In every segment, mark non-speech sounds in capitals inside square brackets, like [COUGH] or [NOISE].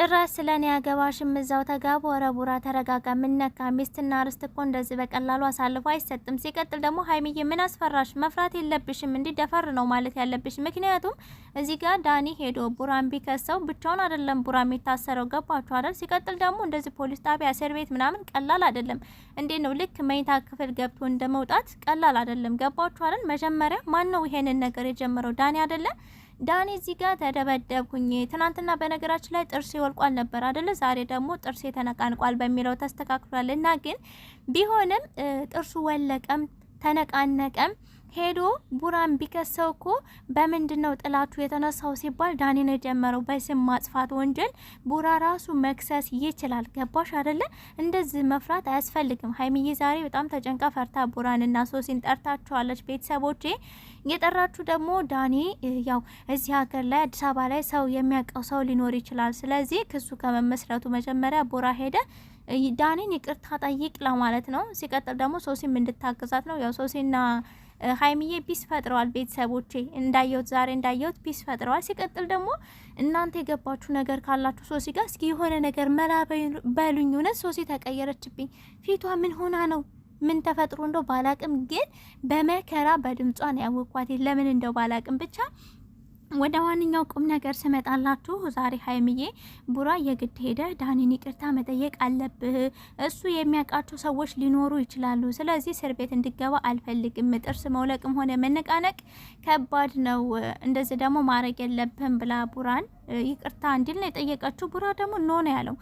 ጭራሽ እኔ ያገባ እዛው ተጋቡ። ኧረ ቡራ ተረጋጋ። ምነካ? ሚስትና ርስት እኮ እንደዚህ በቀላሉ አሳልፎ አይሰጥም። ሲቀጥል ደግሞ ሀይሚዬ ምን አስፈራሽ? መፍራት የለብሽም እንዲህ ደፈር ነው ማለት ያለብሽ። ምክንያቱም እዚህ ጋር ዳኒ ሄዶ ቡራን ቢከሰው ብቻውን አይደለም ቡራ የሚታሰረው ገባችሁ አይደል? ሲቀጥል ደግሞ እንደዚህ ፖሊስ ጣቢያ፣ እስር ቤት ምናምን ቀላል አይደለም። እንዴት ነው ልክ መኝታ ክፍል ገብቶ እንደ መውጣት ቀላል አይደለም። ገባችሁ አይደል? መጀመሪያ ማን ነው ይሄንን ነገር የጀመረው? ዳኒ አይደለም ዳኒ እዚህ ጋር ተደበደብኩኝ። ትናንትና በነገራችን ላይ ጥርሴ ወልቋል ነበር አደለ? ዛሬ ደግሞ ጥርሴ ተነቃንቋል በሚለው ተስተካክሏል እና ግን ቢሆንም ጥርሱ ወለቀም ተነቃነቀም ሄዶ ቡራን ቢከሰው እኮ በምንድን ነው ጥላቱ የተነሳው ሲባል ዳኔን የጀመረው በስም ማጥፋት ወንጀል ቡራ ራሱ መክሰስ ይችላል። ገባሽ አደለ? እንደዚህ መፍራት አያስፈልግም። ሀይሚዬ ዛሬ በጣም ተጨንቃ ፈርታ ቡራን ና ሶሲን ጠርታችኋለች። ቤተሰቦቼ የጠራችሁ ደግሞ ዳኒ ያው እዚህ ሀገር ላይ አዲስ አበባ ላይ ሰው የሚያውቀው ሰው ሊኖር ይችላል። ስለዚህ ክሱ ከመመስረቱ መጀመሪያ ቡራ ሄደ ዳኒን ይቅርታ ጠይቅ ለማለት ነው። ሲቀጥል ደግሞ ሶሲም እንድታግዛት ነው። ያው ሶሲና ሀይሚዬ ፒስ ፈጥረዋል። ቤተሰቦቼ እንዳየሁት ዛሬ እንዳየሁት ፒስ ፈጥረዋል። ሲቀጥል ደግሞ እናንተ የገባችሁ ነገር ካላችሁ ሶሲ ጋር እስኪ የሆነ ነገር መላ በሉኝ። እውነት ሶሲ ተቀየረችብኝ። ፊቷ ምን ሆና ነው? ምን ተፈጥሮ እንደው ባላቅም፣ ግን በመከራ በድምጿን ነው ለምን እንደው ባላቅም ብቻ ወደ ዋንኛው ቁም ነገር ስመጣላችሁ ዛሬ ሀይምዬ ቡራ የግድ ሄደ ዳኒን ይቅርታ መጠየቅ አለብህ። እሱ የሚያውቃቸው ሰዎች ሊኖሩ ይችላሉ። ስለዚህ እስር ቤት እንድገባ አልፈልግም። ጥርስ መውለቅም ሆነ መነቃነቅ ከባድ ነው። እንደዚህ ደግሞ ማድረግ የለብህም ብላ ቡራን ይቅርታ እንዲል ነው የጠየቀችው። ቡራ ደግሞ ኖ ነው ያለው።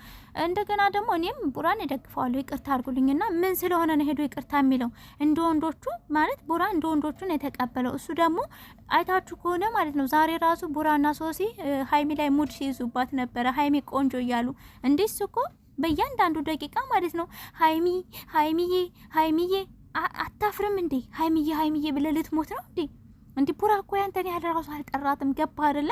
እንደገና ደግሞ እኔም ቡራን እደግፈዋለሁ ይቅርታ አድርጉልኝና ምን ስለሆነ ነው ሄዶ ይቅርታ የሚለው? እንደ ወንዶቹ ማለት ቡራ እንደ ወንዶቹ ነው የተቀበለው። እሱ ደግሞ አይታችሁ ከሆነ ማለት ነው ዛሬ ራሱ ቡራና ሶሲ ሀይሚ ላይ ሙድ ሲይዙባት ነበረ። ሀይሚ ቆንጆ እያሉ እንዲህ እኮ በእያንዳንዱ ደቂቃ ማለት ነው ሀይሚ ሀይሚዬ ሀይሚዬ አታፍርም እንዴ? ሀይሚዬ ሀይሚዬ ብለህ ልትሞት ነው እንዴ? እንዲ ቡራ እኮ ያንተን ያህል ራሱ አልጠራትም። ገባ አይደለ?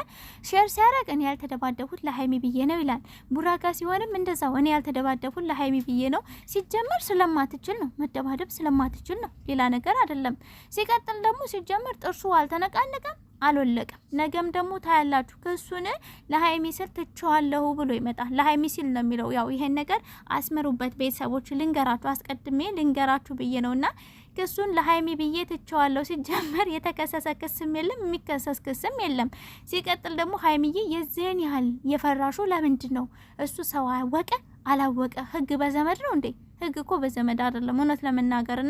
ሼር ሲያደርግ እኔ ያልተደባደፉት ለሀይሚ ብዬ ነው ይላል። ቡራ ጋር ሲሆንም እንደዛው እኔ ያልተደባደፉት ለሀይሚ ብዬ ነው። ሲጀመር ስለማትችል ነው፣ መደባደብ ስለማትችል ነው፣ ሌላ ነገር አይደለም። ሲቀጥል ደግሞ ሲጀመር ጥርሱ አልተነቃነቀም። አልወለቀም። ነገም ደግሞ ታያላችሁ። ክሱን ለሀይሚ ስል ትችዋለሁ ብሎ ይመጣል። ለሀይሚ ሲል ነው የሚለው። ያው ይሄን ነገር አስምሩበት ቤተሰቦች፣ ልንገራችሁ አስቀድሜ ልንገራችሁ ብዬ ነውና ክሱን ለሀይሚ ብዬ ትቸዋለሁ። ሲጀመር የተከሰሰ ክስም የለም የሚከሰስ ክስም የለም። ሲቀጥል ደግሞ ሀይሚዬ የዚህን ያህል የፈራሹ ለምንድን ነው? እሱ ሰው አወቀ አላወቀ ህግ በዘመድ ነው እንዴ? ህግ እኮ በዘመድ አይደለም እውነት ለመናገር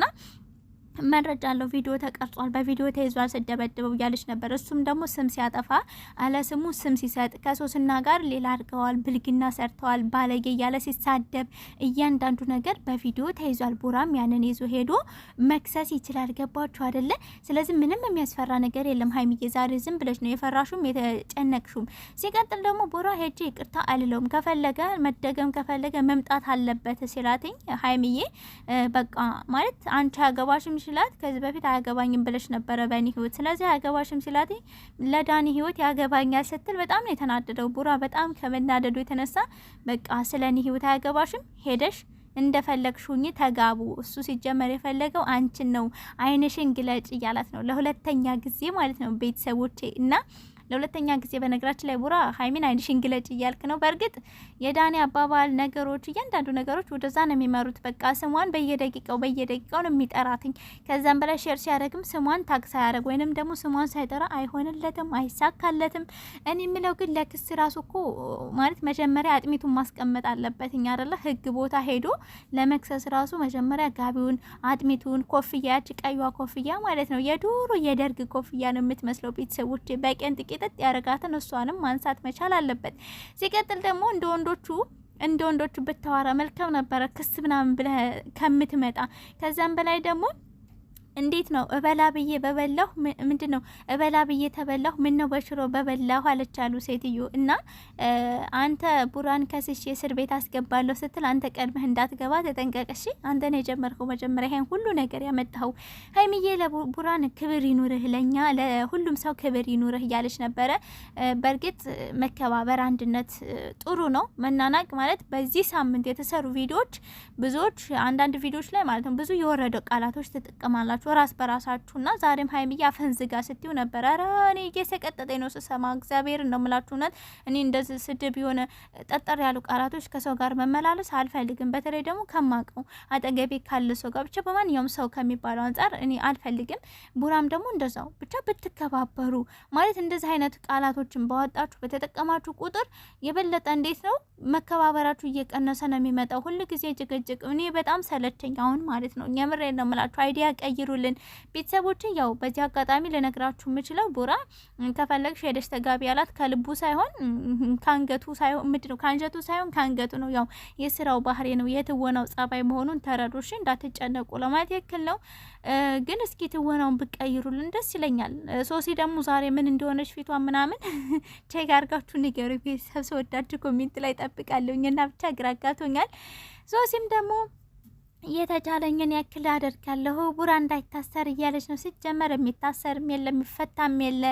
መረጃ አለው። ቪዲዮ ተቀርጿል፣ በቪዲዮ ተይዟል ስደበድበው እያለች ነበር። እሱም ደግሞ ስም ሲያጠፋ አለ ስሙ ስም ሲሰጥ ከሶስና ጋር ሌላ አድርገዋል፣ ብልግና ሰርተዋል፣ ባለጌ እያለ ሲሳደብ እያንዳንዱ ነገር በቪዲዮ ተይዟል። ቡራም ያንን ይዞ ሄዶ መክሰስ ይችላል። ገባችሁ አደለ? ስለዚህ ምንም የሚያስፈራ ነገር የለም። ሀይሚዬ ዛሬ ዝም ብለች ነው የፈራሹም የተጨነቅሹም። ሲቀጥል ደግሞ ቡራ ሄጄ ይቅርታ አልለውም፣ ከፈለገ መደገም ከፈለገ መምጣት አለበት ሲላትኝ ሀይሚዬ በቃ ማለት አንቺ ያገባሽም ሲላት ከዚህ በፊት አያገባኝም ብለሽ ነበረ በእኔ ህይወት፣ ስለዚህ አያገባሽም ሲላት ለዳኒ ህይወት ያገባኛል ስትል በጣም ነው የተናደደው ቡራ። በጣም ከመናደዱ የተነሳ በቃ ስለ እኔ ህይወት አያገባሽም ሄደሽ እንደፈለግሽኝ ተጋቡ። እሱ ሲጀመር የፈለገው አንቺን ነው፣ አይንሽን ግለጭ እያላት ነው ለሁለተኛ ጊዜ ማለት ነው ቤተሰቦቼ እና ለሁለተኛ ጊዜ በነገራችን ላይ ቡራ ሀይሚን አይንሽን ግለጭ እያልክ ነው። በእርግጥ የዳኒ አባባል ነገሮች፣ እያንዳንዱ ነገሮች ወደዛ ነው የሚመሩት። በቃ ስሟን በየደቂቃው ነው የሚጠራትኝ ከዛም በላይ ሼር ሲያደረግም ስሟን ታግ ሳያደረግ ወይንም ደግሞ ስሟን ሳይጠራ አይሆንለትም፣ አይሳካለትም። እኔ የምለው ግን ለክስ ራሱ እኮ ማለት መጀመሪያ አጥሚቱን ማስቀመጥ አለበትኝ አደለ? ህግ ቦታ ሄዶ ለመክሰስ ራሱ መጀመሪያ ጋቢውን፣ አጥሚቱን፣ ኮፍያ፣ ያች ቀዩ ኮፍያ ማለት ነው የዱሮ የደርግ ኮፍያ ነው የምትመስለው ቤተሰቦች በቀን ጥቂት ቅጥጥ ያደረጋትን እሷንም ማንሳት መቻል አለበት። ሲቀጥል ደግሞ እንደ ወንዶቹ እንደ ወንዶቹ ብታወራ መልካም ነበረ ክስ ምናምን ብለህ ከምትመጣ ከዛም በላይ ደግሞ እንዴት ነው እበላ ብዬ በበላሁ ምንድን ነው እበላ ብዬ ተበላሁ ምን ነው በሽሮ በበላሁ አለቻሉ አሉ ሴትዮ እና አንተ ቡራን ከስሽ እስር ቤት አስገባለሁ ስትል አንተ ቀድመህ እንዳትገባ ተጠንቀቅሽ አንተ ነው የጀመርከው መጀመሪያ ይሄን ሁሉ ነገር ያመጣኸው ሀይሚዬ ለቡራን ክብር ይኑርህ ለእኛ ለሁሉም ሰው ክብር ይኑርህ እያለች ነበረ በእርግጥ መከባበር አንድነት ጥሩ ነው መናናቅ ማለት በዚህ ሳምንት የተሰሩ ቪዲዮዎች ብዙዎች አንዳንድ ቪዲዮዎች ላይ ማለት ነው ብዙ የወረደው ቃላቶች ትጠቀማላችሁ ናቸው ራስ በራሳችሁ እና ዛሬም ሀይሚዬ አፈንዝጋ ስትዩ ነበረ። ኧረ እኔ እየሰቀጠጠኝ ነው ስሰማ እግዚአብሔር ነው የምላችሁ እውነት። እኔ እንደዚህ ስድብ የሆነ ጠጠር ያሉ ቃላቶች ከሰው ጋር መመላለስ አልፈልግም። በተለይ ደግሞ ከማቀው አጠገቤ ካለ ሰው ጋር ብቻ በማንኛውም ሰው ከሚባለው አንጻር እኔ አልፈልግም። ቡራም ደግሞ እንደዛው ብቻ ብትከባበሩ ማለት እንደዚህ አይነት ቃላቶችን ባወጣችሁ በተጠቀማችሁ ቁጥር የበለጠ እንዴት ነው መከባበራችሁ እየቀነሰ ነው የሚመጣው። ሁል ጊዜ ጭቅጭቅ እኔ በጣም ሰለቸኝ አሁን ማለት ነው። የምሬ ነው የምላችሁ። አይዲያ ቀይሩልን ቤተሰቦች። ያው በዚህ አጋጣሚ ልነግራችሁ የምችለው ቡራ ከፈለግሽ ሄደሽ ተጋቢ ያላት ከልቡ ሳይሆን ከአንገቱ ሳይሆን ምንድን ነው ከአንጀቱ ሳይሆን ከአንገቱ ነው። ያው የስራው ባህሪ ነው የትወናው ጸባይ መሆኑን ተረዶሽ እንዳትጨነቁ ለማለት ያክል ነው። ግን እስኪ ትወናውን ብቀይሩልን ደስ ይለኛል። ሶሲ ደግሞ ዛሬ ምን እንደሆነች ፊቷ ምናምን [LAUGHS] ቼክ አድርጋችሁ ንገሩ ቤተሰብ። ሰወዳችሁ ኮሜንት ላይ እጠብቃለሁኝ እና ብቻ ግራ አጋቶኛል። ዞሲም ደግሞ የተቻለኝን ያክል አደርጋለሁ ቡራ እንዳይታሰር እያለች ነው። ሲጀመር የሚታሰርም የለ የሚፈታም የለ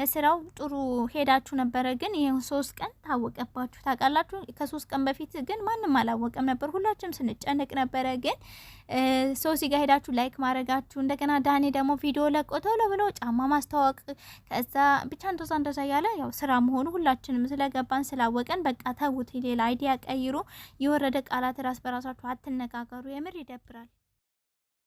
ለስራው ጥሩ ሄዳችሁ ነበረ፣ ግን ይህን ሶስት ቀን ታወቀባችሁ ታውቃላችሁ። ከሶስት ቀን በፊት ግን ማንም አላወቀም ነበር፣ ሁላችንም ስንጨንቅ ነበረ። ግን ሶሲ ጋር ሄዳችሁ ላይክ ማድረጋችሁ፣ እንደገና ዳኔ ደግሞ ቪዲዮ ለቆ ቶሎ ብለው ጫማ ማስተዋወቅ፣ ከዛ ብቻ እንደዛ እንደዛ ያለ ያው ስራ መሆኑ ሁላችንም ስለገባን ስላወቀን፣ በቃ ተውት፣ ሌላ አይዲያ ቀይሩ፣ የወረደ ቃላት ራስ በራሳችሁ አትነጋገሩ። የምር ይደብራል።